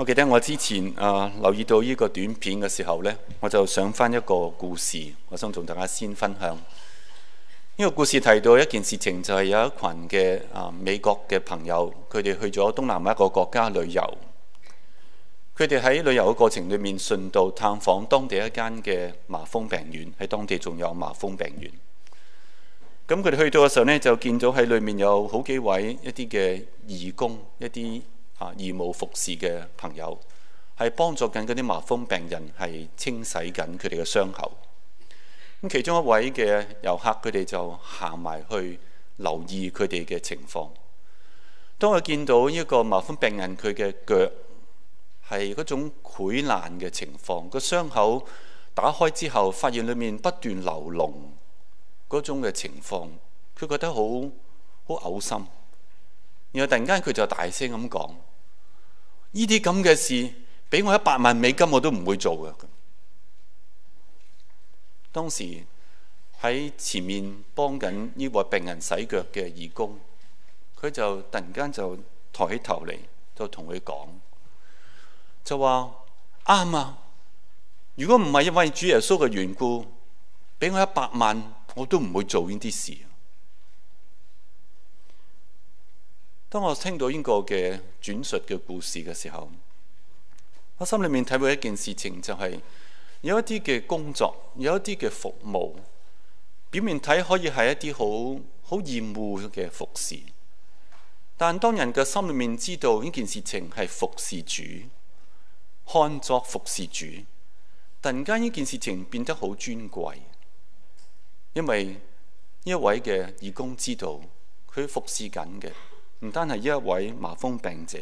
我記得我之前啊、呃、留意到呢個短片嘅時候呢，我就想返一個故事，我想同大家先分享。呢、呢個故事提到一件事情，就係有一群嘅啊、呃、美國嘅朋友，佢哋去咗東南亞一個國家旅遊。佢哋喺旅遊嘅過程裡面，順道探訪當地一間嘅麻風病院，喺當地仲有麻風病院。咁佢哋去到嘅時候呢，就見到喺裡面有好幾位一啲嘅義工，一啲。啊！義務服侍嘅朋友係幫助緊嗰啲麻風病人，係清洗緊佢哋嘅傷口。咁其中一位嘅遊客，佢哋就行埋去留意佢哋嘅情況。當佢見到呢個麻風病人，佢嘅腳係嗰種潰爛嘅情況，個傷口打開之後，發現裡面不斷流膿嗰種嘅情況，佢覺得好好嘔心。然後突然間，佢就大聲咁講。呢啲咁嘅事，俾我一百萬美金我都唔會做嘅。當時喺前面幫緊呢位病人洗腳嘅義工，佢就突然間就抬起頭嚟，就同佢講，就話啱啊！如果唔係因為主耶穌嘅緣故，俾我一百萬我都唔會做呢啲事。當我聽到呢個嘅轉述嘅故事嘅時候，我心裏面體會到一件事情，就是，就係有一啲嘅工作，有一啲嘅服務，表面睇可以係一啲好好厭惡嘅服侍，但當人嘅心裏面知道呢件事情係服侍主，看作服侍主，突然間呢件事情變得好尊貴，因為一位嘅義工知道佢服侍緊嘅。唔單係一位麻風病者，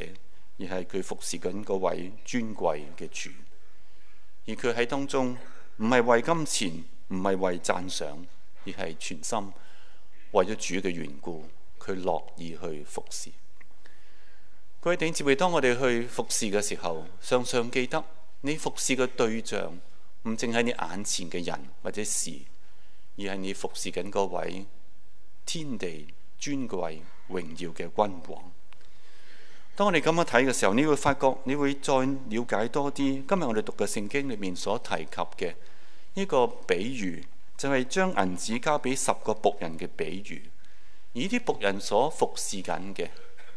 而係佢服侍緊嗰位尊貴嘅主，而佢喺當中唔係為金錢，唔係為讚賞，而係全心為咗主嘅緣故，佢樂意去服侍。各位弟兄姊妹，當我哋去服侍嘅時候，常常記得你服侍嘅對象唔淨係你眼前嘅人或者事，而係你服侍緊嗰位天地尊貴，榮耀嘅君王。當我哋咁樣睇嘅時候，你會發覺，你會再了解多啲今日我哋讀嘅聖經裏面所提及嘅呢個比喻，就係、是、將銀子交俾十個僕人嘅比喻。而呢啲僕人所服侍緊嘅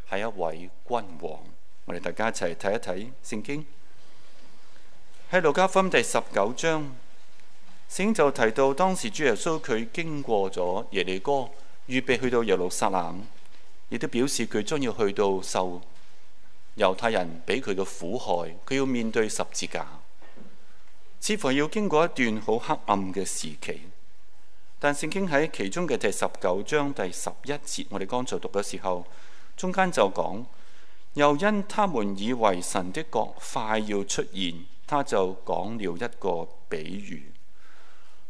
係一位君王。我哋大家一齊睇一睇聖經喺路加福音第十九章，聖經就提到當時主耶穌佢經過咗耶利哥，預備去到耶路撒冷。亦都表示佢將要去到受猶太人俾佢嘅苦害，佢要面對十字架，似乎要經過一段好黑暗嘅時期。但聖經喺其中嘅第十九章第十一節，我哋剛才讀嘅時候，中間就講，又因他們以為神的國快要出現，他就講了一個比喻。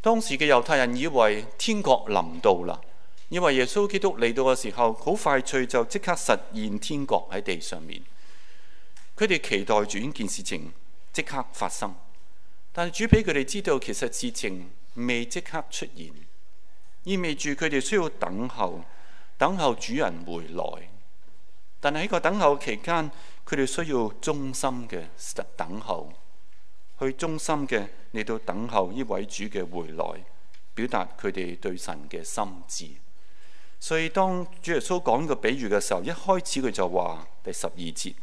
當時嘅猶太人以為天國臨到啦。因為耶穌基督嚟到嘅時候，好快脆就即刻實現天國喺地上面。佢哋期待住呢件事情即刻發生，但係主俾佢哋知道，其實事情未即刻出現，意味住佢哋需要等候，等候主人回來。但係喺個等候期間，佢哋需要忠心嘅等候，去忠心嘅嚟到等候呢位主嘅回來，表達佢哋對神嘅心志。所以當主耶穌講個比喻嘅時候，一開始佢就話第十二節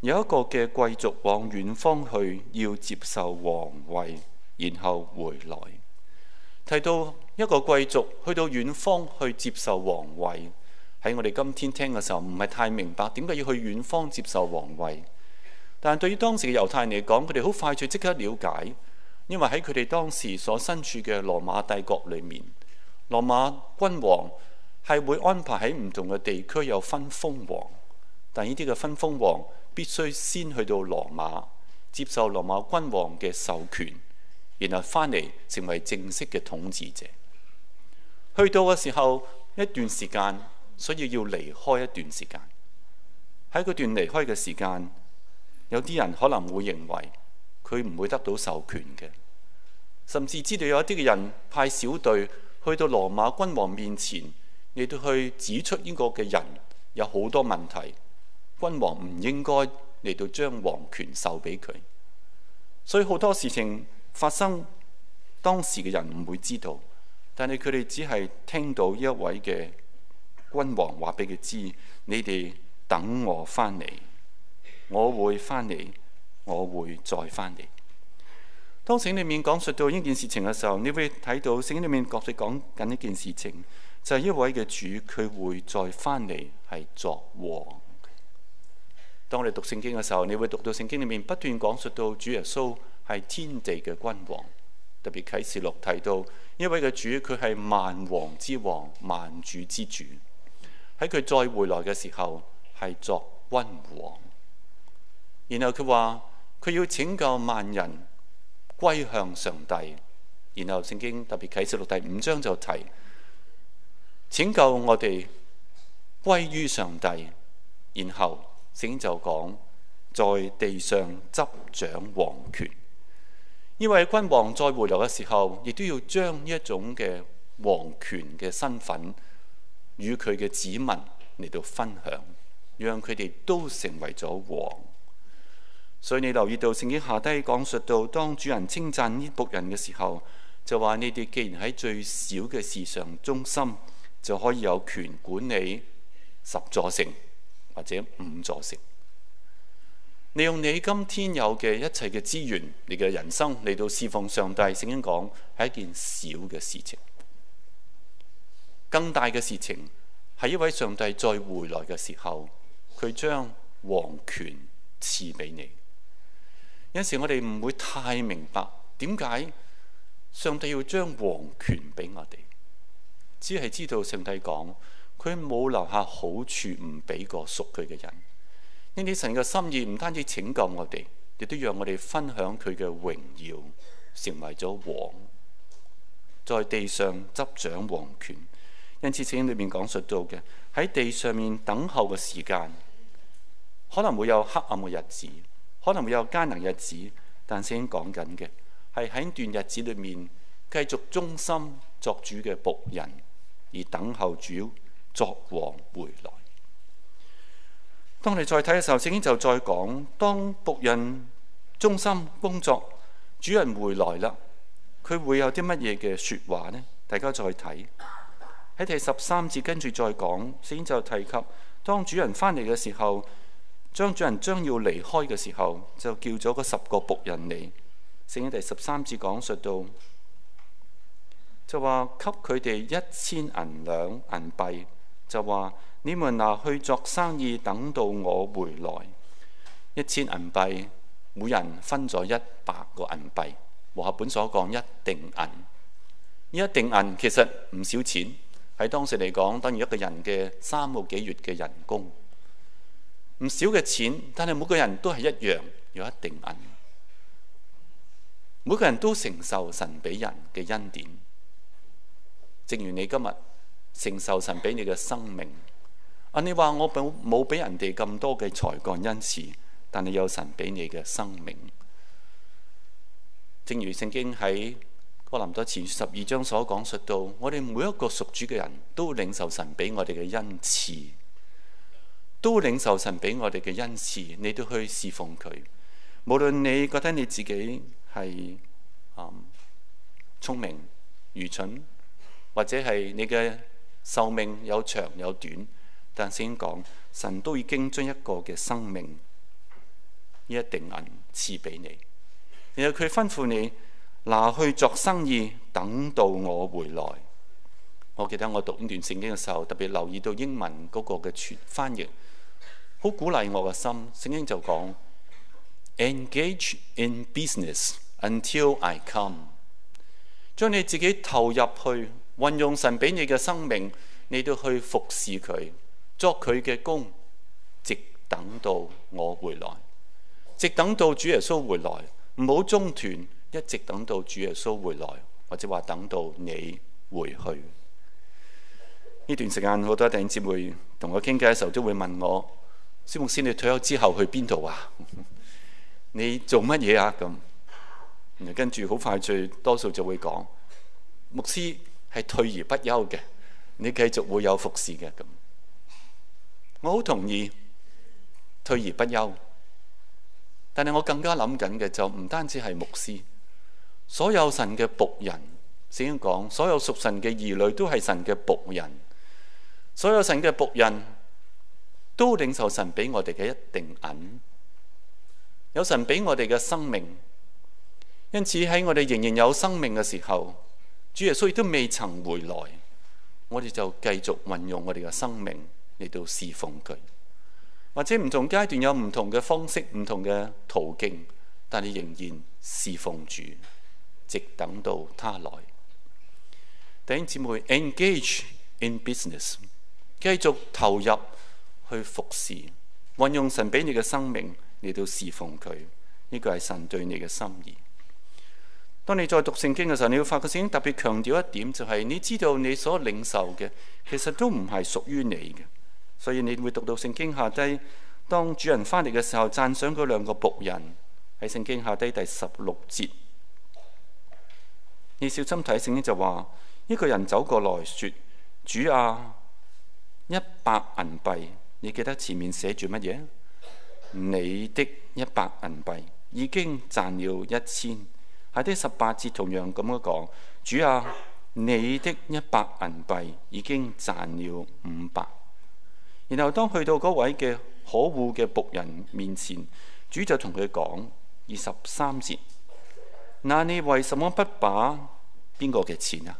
有一個嘅貴族往遠方去，要接受皇位，然後回來。提到一個貴族去到遠方去接受皇位，喺我哋今天聽嘅時候，唔係太明白點解要去遠方接受皇位。但係對於當時嘅猶太人嚟講，佢哋好快就即刻了解，因為喺佢哋當時所身處嘅羅馬帝國裡面。羅馬君王係會安排喺唔同嘅地區有分封王，但呢啲嘅分封王必須先去到羅馬，接受羅馬君王嘅授權，然後翻嚟成為正式嘅統治者。去到嘅時候一段時間，所以要離開一段時間。喺嗰段離開嘅時間，有啲人可能會認為佢唔會得到授權嘅，甚至知道有一啲嘅人派小隊，去到羅馬君王面前，你都去指出英國嘅人有好多問題，君王唔應該嚟到將王權授俾佢。所以好多事情發生，當時嘅人唔會知道，但係佢哋只係聽到一位嘅君王話俾佢知：你哋等我翻嚟，我會翻嚟，我會再翻嚟。當聖經裏面講述到呢件事情嘅時候，你會睇到聖經裏面角色講緊呢件事情，就係、是、一位嘅主，佢會再返嚟係作王。當我哋讀聖經嘅時候，你會讀到聖經裏面不斷講述到主耶穌係天地嘅君王。特別啟示錄提到呢位嘅主，佢係萬王之王、萬主之主。喺佢再回來嘅時候，係作君王。然後佢話佢要拯救萬人。歸向上帝，然後聖經特別啟示錄第五章就提拯救我哋歸於上帝，然後聖經就講在地上執掌王權。呢位君王再回流嘅時候，亦都要將呢一種嘅王權嘅身份與佢嘅子民嚟到分享，讓佢哋都成為咗王。所以你留意到聖經下低講述到，當主人稱讚呢僕人嘅時候，就話：你哋既然喺最小嘅事上忠心，就可以有權管理十座城或者五座城。利用你今天有嘅一切嘅資源，你嘅人生嚟到侍奉上帝。聖經講係一件小嘅事情，更大嘅事情係一位上帝再回來嘅時候，佢將王權賜俾你。有時我哋唔會太明白點解上帝要將王權俾我哋，只係知道上帝講佢冇留下好處唔俾個屬佢嘅人。因此神嘅心意唔單止拯救我哋，亦都讓我哋分享佢嘅榮耀，成為咗王，在地上執掌王權。因此聖經裏面講述到嘅喺地上面等候嘅時間，可能會有黑暗嘅日子。可能會有艱難日子，但聖經講緊嘅係喺段日子裏面繼續忠心作主嘅僕人，而等候主作王回來。當你再睇嘅時候，聖經就再講：當僕人忠心工作，主人回來啦，佢會有啲乜嘢嘅説話呢？大家再睇喺第十三節，跟住再講，聖經就提及當主人返嚟嘅時候。張主人將要離開嘅時候，就叫咗個十個僕人嚟。聖經第十三節講述到，就話給佢哋一千銀兩銀幣，就話你們拿、啊、去作生意，等到我回來。一千銀幣，每人分咗一百個銀幣。和合本所講一錠銀，一錠銀其實唔少錢，喺當時嚟講等於一個人嘅三個幾月嘅人工。唔少嘅錢，但係每個人都係一樣，有一定銀。每個人都承受神俾人嘅恩典，正如你今日承受神俾你嘅生命。啊，你話我冇冇俾人哋咁多嘅才幹恩賜，但係有神俾你嘅生命。正如聖經喺哥林多前書十二章所講述到，我哋每一個屬主嘅人都會領受神俾我哋嘅恩賜。都領受神俾我哋嘅恩賜，你都去侍奉佢。無論你覺得你自己係嗯聰明、愚蠢，或者係你嘅壽命有長有短，但先講，神都已經將一個嘅生命呢一錠銀賜俾你。然後佢吩咐你拿去做生意，等到我回來。我記得我讀呢段聖經嘅時候，特別留意到英文嗰個嘅全翻譯。好鼓勵我嘅心，聖經就講 Engage in business until I come，將你自己投入去，運用神俾你嘅生命，你都去服侍佢，作佢嘅工，直等到我回來，直等到主耶穌回來，唔好中斷，一直等到主耶穌回來，或者話等到你回去。呢段時間，好多弟兄姊妹同我傾偈嘅時候都會問我。蕭牧師先，你退休之後去邊度啊？ 你做乜嘢啊？咁，然後跟住好快最多數就會講，牧師係退而不休嘅，你繼續會有服侍嘅咁。我好同意退而不休，但係我更加諗緊嘅就唔單止係牧師，所有神嘅僕人，聖經講，所有屬神嘅兒女都係神嘅僕人，所有神嘅僕人。都領受神俾我哋嘅一錠銀，有神俾我哋嘅生命，因此喺我哋仍然有生命嘅時候，主耶穌亦都未曾回來，我哋就繼續運用我哋嘅生命嚟到侍奉佢，或者唔同階段有唔同嘅方式、唔同嘅途徑，但係仍然侍奉主，直等到他來。弟兄姊妹，engage in business，繼續投入。去服侍，運用神俾你嘅生命嚟到侍奉佢。呢、這個係神對你嘅心意。當你再讀聖經嘅時候，你會發覺聖經特別強調一點、就是，就係你知道你所領受嘅其實都唔係屬於你嘅，所以你會讀到聖經下低。當主人翻嚟嘅時候，讚賞嗰兩個僕人喺聖經下低第十六節，你小心睇聖經就話一個人走過來說，主啊，一百銀幣。你記得前面寫住乜嘢？你的一百銀幣已經賺了一千。喺啲十八節同樣咁樣講，主啊，你的一百銀幣已經賺了五百。然後當去到嗰位嘅可惡嘅僕人面前，主就同佢講二十三節。那你為什麼不把邊個嘅錢啊？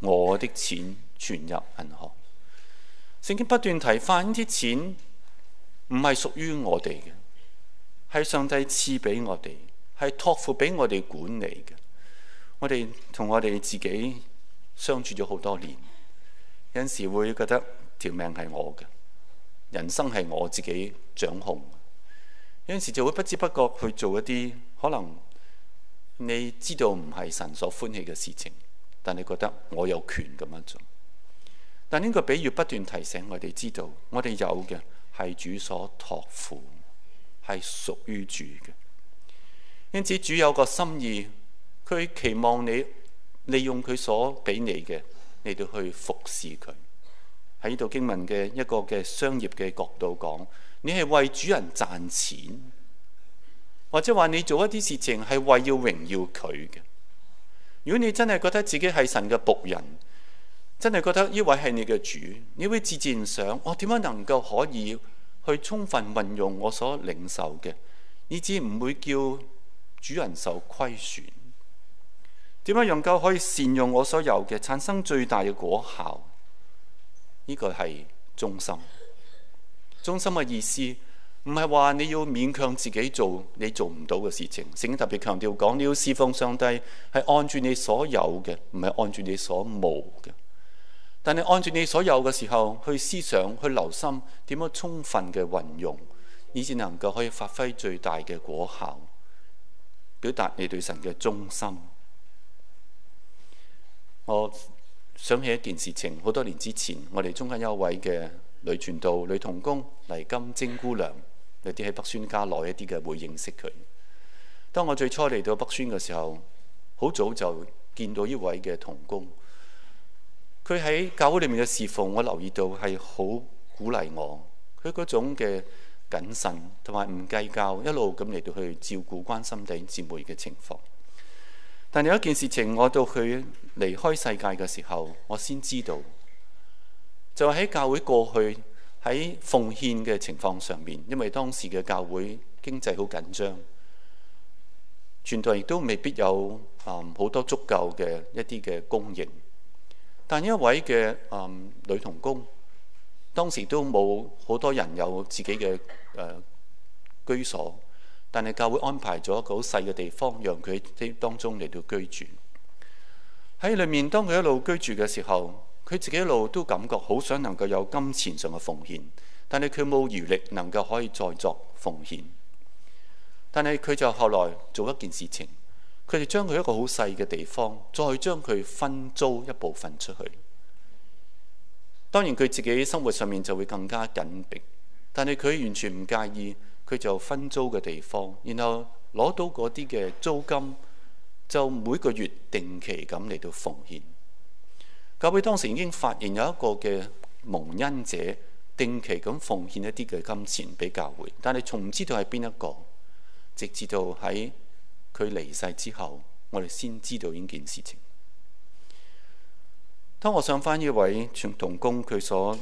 我的錢存入銀行。聖經不斷提翻呢啲錢唔係屬於我哋嘅，係上帝賜俾我哋，係託付俾我哋管理嘅。我哋同我哋自己相處咗好多年，有陣時會覺得條命係我嘅，人生係我自己掌控。有陣時就會不知不覺去做一啲可能你知道唔係神所歡喜嘅事情，但你覺得我有權咁樣做。但呢個比喻不斷提醒我哋知道，我哋有嘅係主所託付，係屬於主嘅。因此主有個心意，佢期望你利用佢所俾你嘅，嚟到去服侍佢。喺呢度經文嘅一個嘅商業嘅角度講，你係為主人賺錢，或者話你做一啲事情係為要榮耀佢嘅。如果你真係覺得自己係神嘅僕人。真係覺得呢位係你嘅主，你會自自然想我點樣能夠可以去充分運用我所領受嘅，以致唔會叫主人受虧損。點樣能夠可以善用我所有嘅產生最大嘅果效？呢個係忠心。忠心嘅意思唔係話你要勉強自己做你做唔到嘅事情。聖經特別強調講你要侍奉上帝係按住你所有嘅，唔係按住你所冇嘅。但係按住你所有嘅時候去思想、去留心，點樣充分嘅運用，以至能夠可以發揮最大嘅果效，表達你對神嘅忠心。我想起一件事情，好多年之前，我哋中間有一位嘅女傳道、女同工、黎金晶姑娘，有啲喺北宣家耐一啲嘅會認識佢。當我最初嚟到北宣嘅時候，好早就見到呢位嘅同工。佢喺教會裏面嘅侍奉，我留意到係好鼓勵我。佢嗰種嘅謹慎同埋唔計較，一路咁嚟到去照顧關心啲姊妹嘅情況。但有一件事情，我到佢離開世界嘅時候，我先知道，就係喺教會過去喺奉獻嘅情況上面，因為當時嘅教會經濟好緊張，存在亦都未必有嗯好多足夠嘅一啲嘅供應。但一位嘅嗯女同工，當時都冇好多人有自己嘅、呃、居所，但係教會安排咗一個好細嘅地方，讓佢喺當中嚟到居住。喺裏面，當佢一路居住嘅時候，佢自己一路都感覺好想能夠有金錢上嘅奉獻，但係佢冇餘力能夠可以再作奉獻。但係佢就後來做一件事情。佢哋將佢一個好細嘅地方，再將佢分租一部分出去。當然佢自己生活上面就會更加緊迫，但係佢完全唔介意，佢就分租嘅地方，然後攞到嗰啲嘅租金，就每個月定期咁嚟到奉獻。教會當時已經發現有一個嘅蒙恩者，定期咁奉獻一啲嘅金錢畀教會，但係從唔知道係邊一個，直至到喺。佢離世之後，我哋先知道呢件事情。當我想翻呢位傳同工，佢所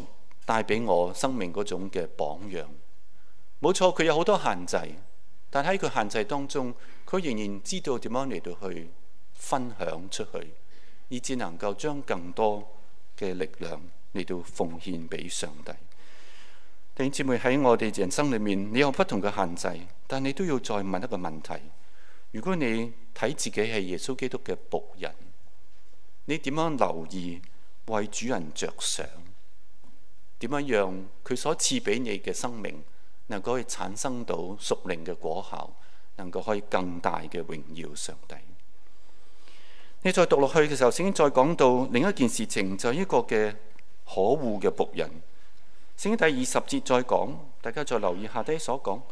帶俾我生命嗰種嘅榜樣，冇錯，佢有好多限制，但喺佢限制當中，佢仍然知道點樣嚟到去分享出去，以至能夠將更多嘅力量嚟到奉獻俾上帝。弟兄姊妹，喺我哋人生裏面，你有不同嘅限制，但你都要再問一個問題。如果你睇自己係耶穌基督嘅僕人，你點樣留意為主人着想？點樣讓佢所賜俾你嘅生命能夠可以產生到屬靈嘅果效，能夠可以更大嘅榮耀上帝？你再讀落去嘅時候，聖經再講到另一件事情，就係一個嘅可惡嘅僕人。聖經第二十節再講，大家再留意下低所講。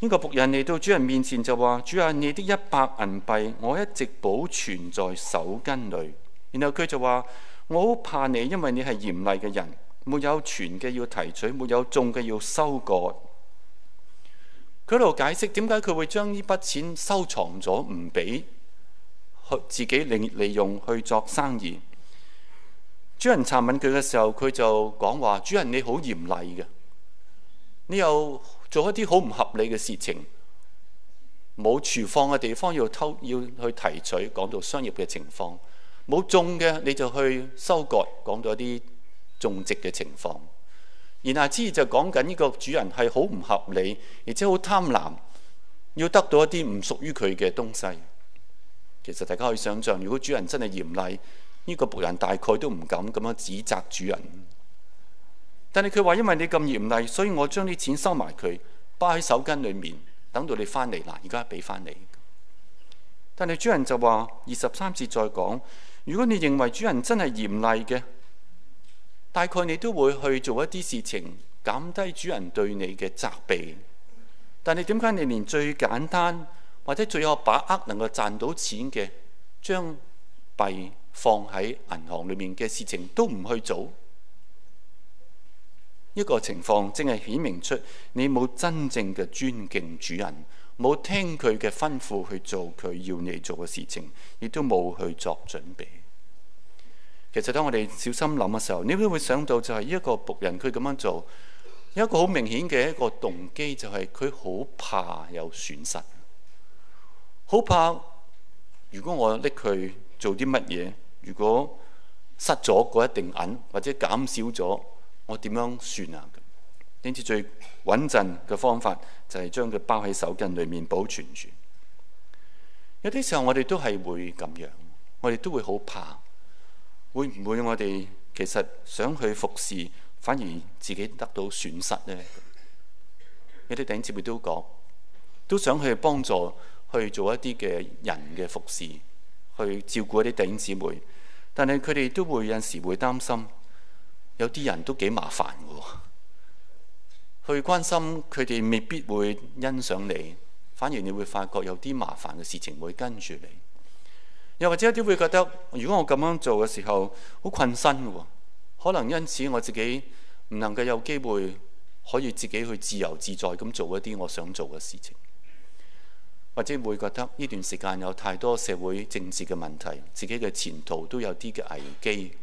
呢個僕人嚟到主人面前就話：主人啊，你的一百銀幣，我一直保存在手巾裏。然後佢就話：我好怕你，因為你係嚴厲嘅人，沒有存嘅要提取，沒有種嘅要收割。佢喺度解釋點解佢會將呢筆錢收藏咗唔俾去自己利利用去做生意。主人查問佢嘅時候，佢就講話：主人你好嚴厲嘅，你有？做一啲好唔合理嘅事情，冇存放嘅地方要偷要去提取，講到商業嘅情況；冇種嘅你就去收割，講到一啲種植嘅情況。然後之就講緊呢個主人係好唔合理，而且好貪婪，要得到一啲唔屬於佢嘅東西。其實大家可以想象，如果主人真係嚴厲，呢、這個僕人大概都唔敢咁樣指責主人。但係佢話，因為你咁嚴厲，所以我將啲錢收埋佢，包喺手巾裏面，等到你返嚟嗱，而家俾翻你。但係主人就話二十三節再講，如果你認為主人真係嚴厲嘅，大概你都會去做一啲事情，減低主人對你嘅責備。但係點解你連最簡單或者最有把握能夠賺到錢嘅，將幣放喺銀行裏面嘅事情都唔去做？呢個情況正係顯明出你冇真正嘅尊敬主人，冇聽佢嘅吩咐去做佢要你做嘅事情，亦都冇去作準備。其實當我哋小心諗嘅時候，你都會想到就係呢一個僕人佢咁樣做，有一個好明顯嘅一個動機就係佢好怕有損失，好怕如果我拎佢做啲乜嘢，如果失咗嗰一定銀或者減少咗。我點樣算啊？點知最穩陣嘅方法就係將佢包喺手巾裡面保存住。有啲時候我哋都係會咁樣，我哋都會好怕。會唔會我哋其實想去服侍，反而自己得到損失呢？有啲弟兄姊妹都講，都想去幫助，去做一啲嘅人嘅服侍，去照顧一啲弟兄姊妹，但係佢哋都會有時會擔心。有啲人都幾麻煩嘅，去關心佢哋未必會欣賞你，反而你會發覺有啲麻煩嘅事情會跟住你。又或者有啲會覺得，如果我咁樣做嘅時候，好困身嘅，可能因此我自己唔能夠有機會可以自己去自由自在咁做一啲我想做嘅事情。或者會覺得呢段時間有太多社會政治嘅問題，自己嘅前途都有啲嘅危機。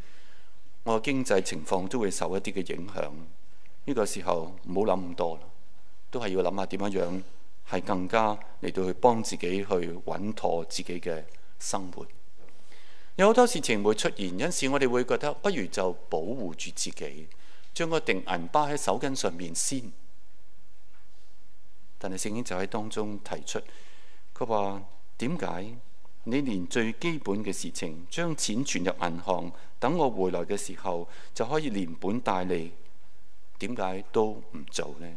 我嘅經濟情況都會受一啲嘅影響，呢個時候唔好諗咁多，都係要諗下點樣樣係更加嚟到去幫自己去穩妥自己嘅生活。有好多事情會出現，因此我哋會覺得不如就保護住自己，將個定銀包喺手巾上面先。但係聖經就喺當中提出，佢話點解？你連最基本嘅事情，將錢存入銀行，等我回來嘅時候就可以連本帶利，點解都唔做呢？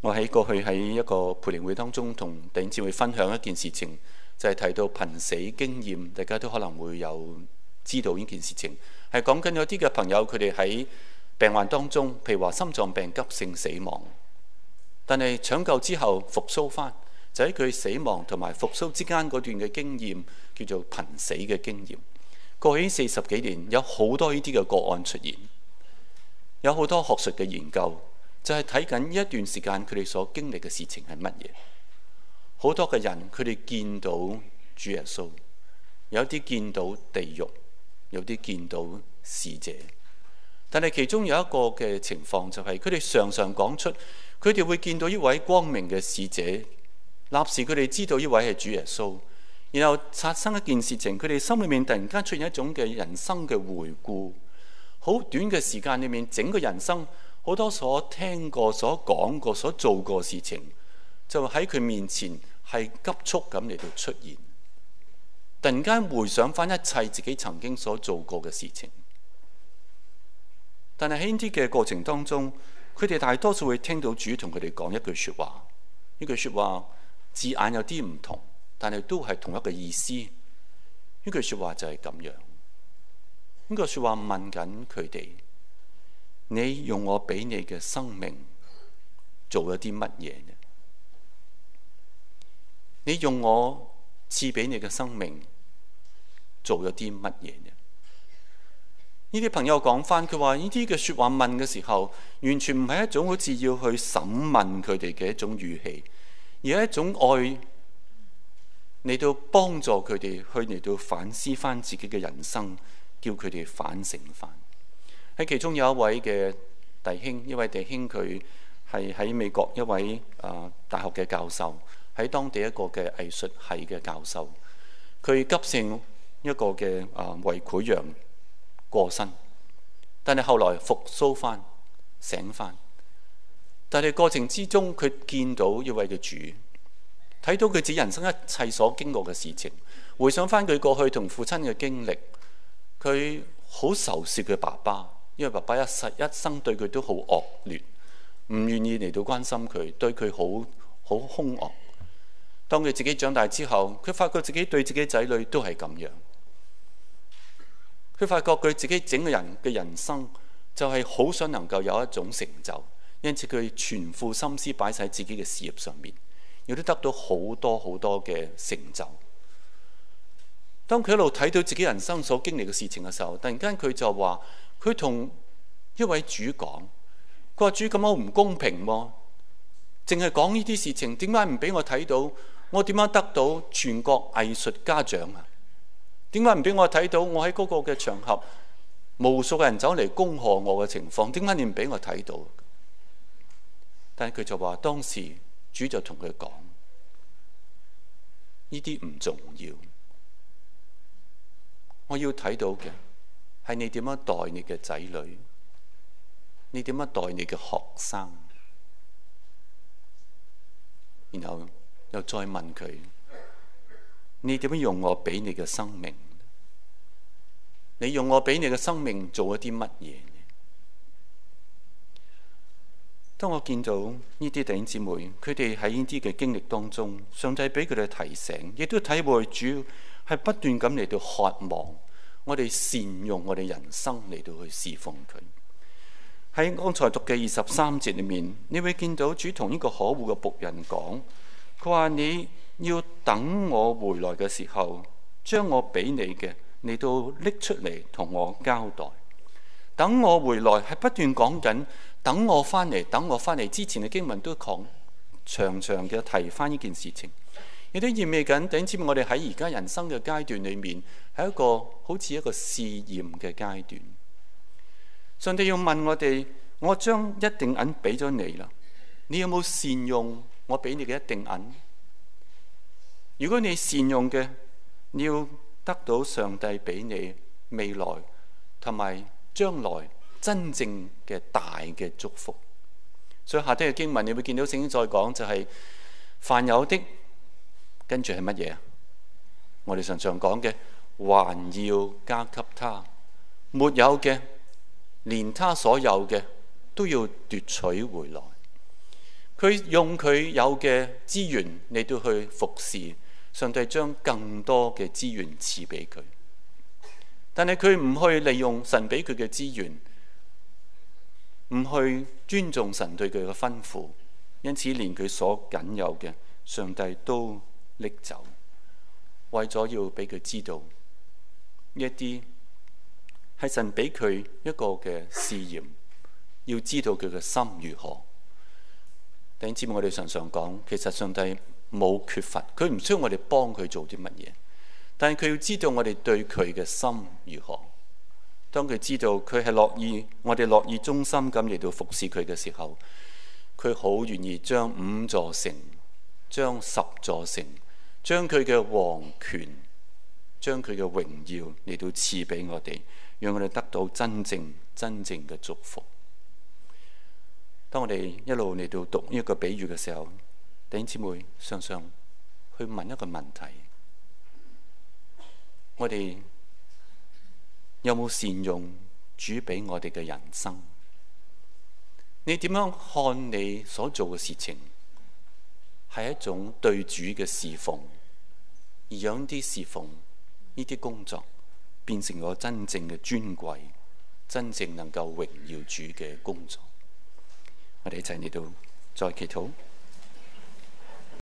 我喺過去喺一個培靈會當中，同弟兄姊妹分享一件事情，就係提到瀕死經驗，大家都可能會有知道呢件事情，係講緊有啲嘅朋友佢哋喺病患當中，譬如話心臟病急性死亡，但係搶救之後復甦返。就喺佢死亡同埋復甦之間嗰段嘅經驗，叫做瀕死嘅經驗。過去四十幾年，有好多呢啲嘅個案出現，有好多學術嘅研究就係睇緊一段時間佢哋所經歷嘅事情係乜嘢。好多嘅人佢哋見到主耶穌，有啲見到地獄，有啲見到使者。但係其中有一個嘅情況就係佢哋常常講出，佢哋會見到一位光明嘅使者。立時，佢哋知道呢位係主耶穌。然後發生一件事情，佢哋心裏面突然間出現一種嘅人生嘅回顧，好短嘅時間裏面，整個人生好多所聽過、所講過、所做過事情，就喺佢面前係急速咁嚟到出現。突然間回想翻一切自己曾經所做過嘅事情，但係喺呢啲嘅過程當中，佢哋大多數會聽到主同佢哋講一句說話，呢句說話。字眼有啲唔同，但係都係同一個意思。呢句說話就係咁樣。呢句說話問緊佢哋：你用我俾你嘅生命做咗啲乜嘢呢？你用我賜俾你嘅生命做咗啲乜嘢呢？呢啲朋友講翻，佢話呢啲嘅說話問嘅時候，完全唔係一種好似要去審問佢哋嘅一種語氣。而有一種愛，嚟到幫助佢哋，去嚟到反思翻自己嘅人生，叫佢哋反省翻。喺其中有一位嘅弟兄，一位弟兄佢係喺美國一位啊、呃、大學嘅教授，喺當地一個嘅藝術系嘅教授，佢急性一個嘅啊胃潰瘍過身，但係後來復甦翻醒翻，但係過程之中，佢見到一位嘅主，睇到佢自己人生一切所經過嘅事情，回想翻佢過去同父親嘅經歷，佢好仇視佢爸爸，因為爸爸一世一生對佢都好惡劣，唔願意嚟到關心佢，對佢好好兇惡。當佢自己長大之後，佢發覺自己對自己仔女都係咁樣。佢發覺佢自己整個人嘅人生就係好想能夠有一種成就。因此佢全副心思擺晒自己嘅事業上面，亦都得到好多好多嘅成就。當佢一路睇到自己人生所經歷嘅事情嘅時候，突然間佢就話：佢同一位主講，佢話主咁好唔公平喎啊，淨係講呢啲事情，點解唔俾我睇到？我點樣得到全國藝術家獎啊？點解唔俾我睇到？我喺嗰個嘅場合，無數人走嚟恭賀我嘅情況，點解你唔俾我睇到？但係佢就話，當時主就同佢講，呢啲唔重要，我要睇到嘅係你點樣待你嘅仔女，你點樣待你嘅學生，然後又再問佢，你點樣用我畀你嘅生命？你用我畀你嘅生命做咗啲乜嘢？當我見到呢啲弟兄姊妹，佢哋喺呢啲嘅經歷當中，上帝俾佢哋提醒，亦都體會主係不斷咁嚟到渴望我哋善用我哋人生嚟到去侍奉佢。喺剛才讀嘅二十三節裏面，你會見到主同呢個可惡嘅僕人講，佢話你要等我回來嘅時候，將我俾你嘅嚟到拎出嚟同我交代。等我回來係不斷講緊，等我返嚟，等我返嚟之前嘅經文都講長長嘅提翻呢件事情，亦都意味緊等於我哋喺而家人生嘅階段裏面，係一個好似一個試驗嘅階段。上帝要問我哋，我將一錠銀俾咗你啦，你有冇善用我俾你嘅一錠銀？如果你善用嘅，你要得到上帝俾你未來同埋。將來真正嘅大嘅祝福，所以下低嘅經文你會見到聖經再講就係、是、凡有的，跟住係乜嘢啊？我哋常常講嘅，還要加給他沒有嘅，連他所有嘅都要奪取回來。佢用佢有嘅資源，你都去服侍上帝，將更多嘅資源賜俾佢。但係佢唔去利用神俾佢嘅資源，唔去尊重神對佢嘅吩咐，因此連佢所僅有嘅上帝都拎走。為咗要俾佢知道一啲係神俾佢一個嘅試驗，要知道佢嘅心如何。頂知我哋常常講，其實上帝冇缺乏，佢唔需要我哋幫佢做啲乜嘢。但係佢要知道我哋對佢嘅心如何。當佢知道佢係樂意，我哋樂意忠心咁嚟到服侍佢嘅時候，佢好願意將五座城、將十座城、將佢嘅皇權、將佢嘅榮耀嚟到賜俾我哋，讓我哋得到真正真正嘅祝福。當我哋一路嚟到讀呢一個比喻嘅時候，弟兄姊妹雙雙去問一個問題。我哋有冇善用主俾我哋嘅人生？你點樣看你所做嘅事情，係一種對主嘅侍奉，而讓啲侍奉呢啲工作變成咗真正嘅尊貴、真正能夠榮耀主嘅工作。我哋一齊嚟到再祈禱。